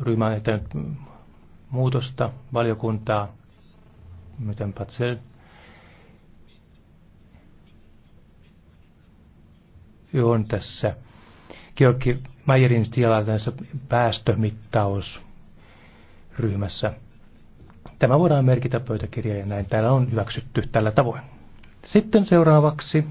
ryhmä on tehnyt muutosta valiokuntaa, miten Patsel on tässä Georgi Meijerin siellä tässä päästömittausryhmässä. Tämä voidaan merkitä pöytäkirjaan ja näin täällä on hyväksytty tällä tavoin. Sitten seuraavaksi